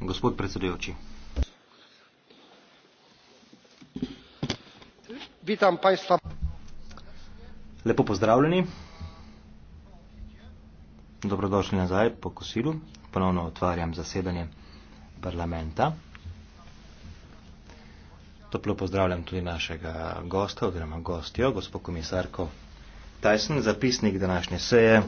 gospod predsedujoči vitam państwa lepo pozdravljeni dobrodošli nazaj po kosilu ponovno otvarjam zasedanje parlamenta toplo pozdravljam tudi našega gosta oziroma gostjo gospo komisarko Tyson, zapisnik današnje seje